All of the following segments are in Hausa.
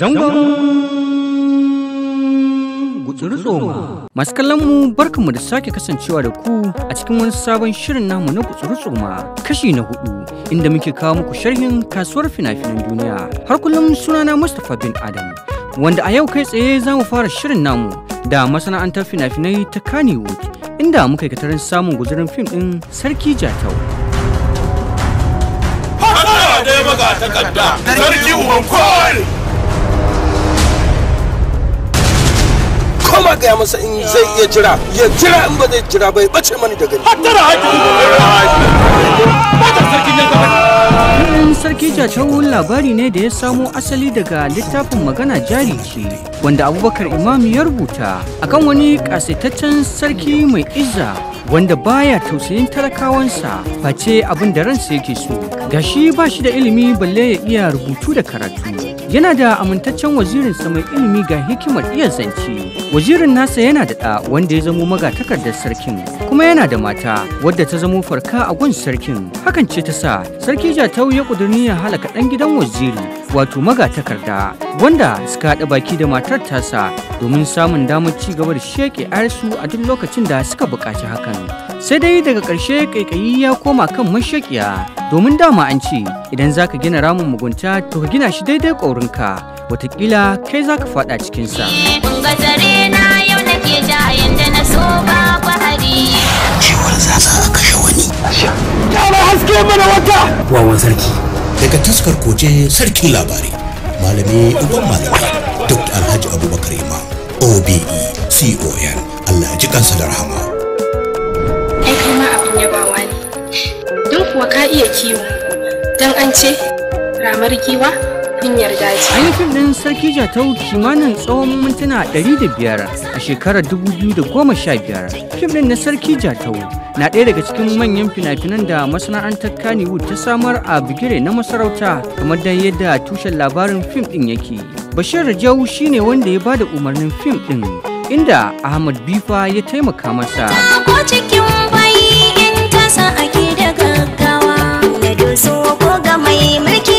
zangon gutsuri-tsoma masu kallon mu barkanmu da sake kasancewa da ku a cikin wani sabon shirin namu na gutsuri-tsoma kashi na hudu inda muke kawo muku sharhin kasuwar fina-finan duniya har kullum sunana mustapha bin adam wanda a yau kai tsaye za mu fara shirin namu da masana'antar fina-finai ta kanewood inda muka yi samun guzurin fim din sarki jatau sarki uban kowani! gaya masa in zai iya jira ya jira in ba zai jira bai bace mani da gani hattara haƙi sarki jacawun labari ne da ya samo asali daga littafin magana jari ce wanda abubakar imam ya rubuta akan wani ƙasaitaccen sarki mai izza wanda baya tausayin talakawansa face abin da ransa yake so gashi ba shi da ilimi balle ya iya rubutu da karatu yana da amintaccen wazirin sa mai ilimi ga hikimar iya zance wazirin nasa yana da ɗa wanda ya zamo magatakardar sarkin kuma yana da mata wadda ta zamo farka a gun sarkin hakan ce ta sa sarki jatau ya ƙudurni ya halaka ɗan gidan waziri wato magatakarda wanda suka haɗa baki da matar tasa domin samun damar ci gaba da sheke arsu a duk lokacin da suka buƙaci hakan sai dai daga ƙarshe ƙaiƙayi ya koma kan mashaƙiya domin dama an ce idan zaka gina ramin mugunta to ka gina shi daidai ƙaurinka watakila kai zaka faɗa cikinsa. Cewar zaza a kashe wani. Yara haske mana wata! Wawan sarki. daga taskar koje sarkin labari malami uban malami dr alhaji abubakar imam obe con allah ji kansa da rahama ai kai ma abin yabawa ne don kuwa ka iya kiwo don an ce ramar giwa kunyar daji. fim ɗin Sarki Jatau kimanin tsawon mintuna ɗari da biyar, a shekarar goma sha biyar. Fim ɗin na Sarki Jatau na ɗaya daga cikin manyan fina-finan da masana'antar Kannywood ta samar a bigire na masarauta kamar dan yadda tushen labarin fim ɗin yake. Bashir Rajau shine wanda ya bada umarnin fim ɗin inda Ahmad Bifa ya taimaka masa. Ko cikin bayi in tasa ake da gaggawa, Na ko ga mai mulki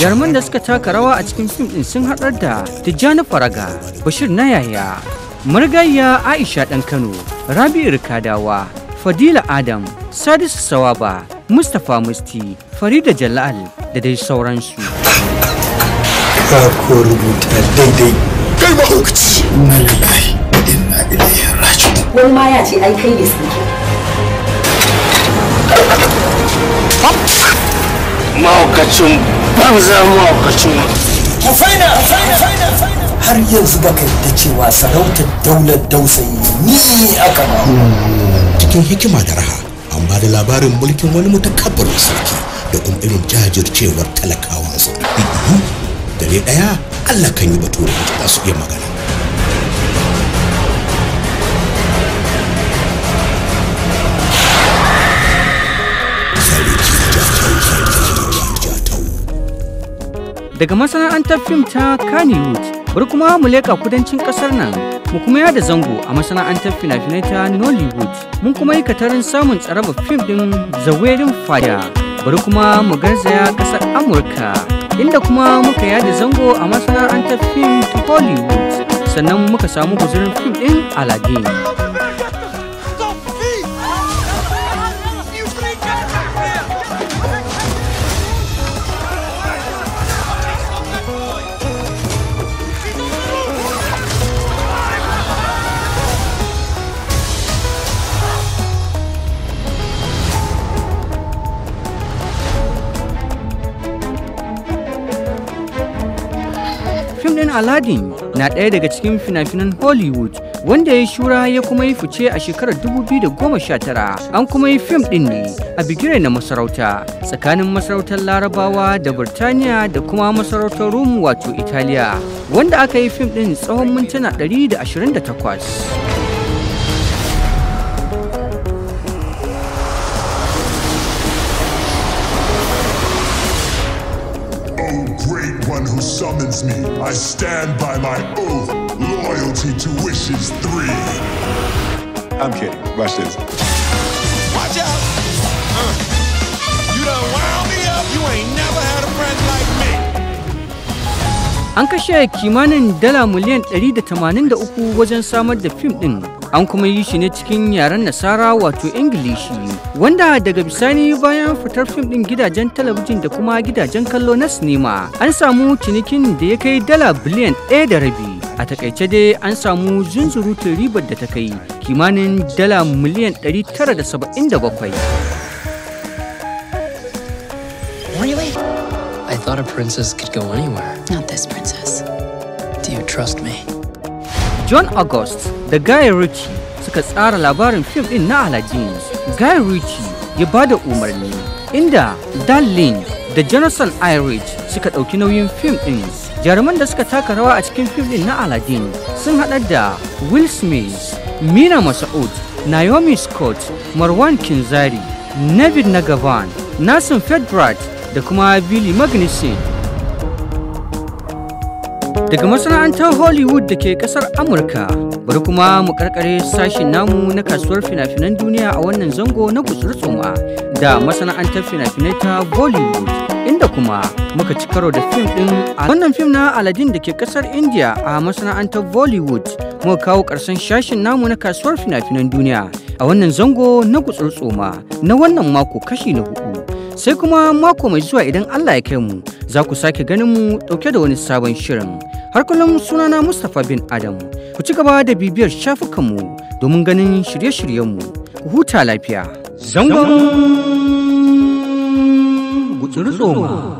jarman da suka taka rawa a cikin fim ɗin sun haɗar da tijjani faraga bashir na yaya murgayya aisha ɗan kano rabi'u kadawa fadila adam sadisu sawaba mustapha musti farida jalal da dai sauransu ka ko rubuta daidai kai wani ma ya ce ai kai suke mahaukacin ban zama wakacin har yanzu baka yadda cewa sarautar daular dausayi ni aka ba cikin hikima da raha an ba da labarin mulkin wani mutakabbarin sarki da kuma irin jajircewar talakawansa dare daya allah kan yi bature da su iya magana daga masana'antar fim ta Kannywood bari kuma mu leƙa kudancin ƙasar nan mu kuma yada zango a masana'antar fina-finai ta Nollywood mun kuma yi katarin samun tsaraba fim ɗin The Wedding Fire bari kuma mu garzaya ƙasar Amurka inda kuma muka yada zango a masana'antar fim ta Hollywood sannan muka samu guzurin fim ɗin Aladdin. Aladdin na ɗaya daga cikin fina-finan Hollywood wanda ya shura ya kuma yi fice a shekarar 2019 an kuma yi fim ɗin ne a bigire na masarauta tsakanin masarautar Larabawa da Birtaniya da kuma masarautar Rum wato Italiya wanda aka yi fim ɗin tsawon mintuna 128. great one who summons me, I stand by my oath, loyalty to wishes three. I'm kidding. Watch this. Watch out! Uh, you done wound me up. You ain't never had a friend like me. An kashe kimanin dala miliyan 183 wajen samar da fim ɗin an kuma yi shi ne cikin yaren nasara wato ingilishi wanda daga bisani bayan fitar fim din gidajen talabijin da kuma gidajen kallo na sinima an samu cinikin da ya kai dala biliyan ɗaya da rabi a takaice dai an samu zunzurutun ribar da ta kai kimanin dala miliyan 977 Really? I thought a princess could go anywhere. Not this princess. Do you trust me? John August da Guy Ritchie suka tsara labarin fim ɗin na Aladdin. Guy Ritchie ya ba da umarni inda Dan Lin da Jonathan Irish suka ɗauki nauyin fim ɗin. Jaruman da suka taka rawa a cikin fim ɗin na Aladdin sun haɗa da Will Smith, Mina Masaud, Naomi Scott, Marwan Kinzari, Navid Nagavan, Nasim Fedrat da kuma Billy Magnuson. Daga masana'antar Hollywood da ke kasar Amurka, bari kuma mu karkare sashen namu na kasuwar fina-finan duniya a wannan zango na gutsur tsoma da masana'antar fina-finai ta Bollywood. Inda kuma muka ci karo da fim ɗin a wannan fim na Aladdin da ke kasar India a masana'antar Bollywood muka kawo ƙarshen sashen namu na kasuwar fina-finan duniya a wannan zango na gutsur tsoma na wannan mako kashi na hudu. Sai kuma mako mai zuwa idan Allah ya kai mu za ku sake ganin mu ɗauke da wani sabon shirin. Har kullum sunana Mustapha bin Adamu. Ku ci gaba da bibiyar shafukanmu domin ganin shirye-shiryenmu. Ku huta lafiya. Zangon gutsuri tsoma.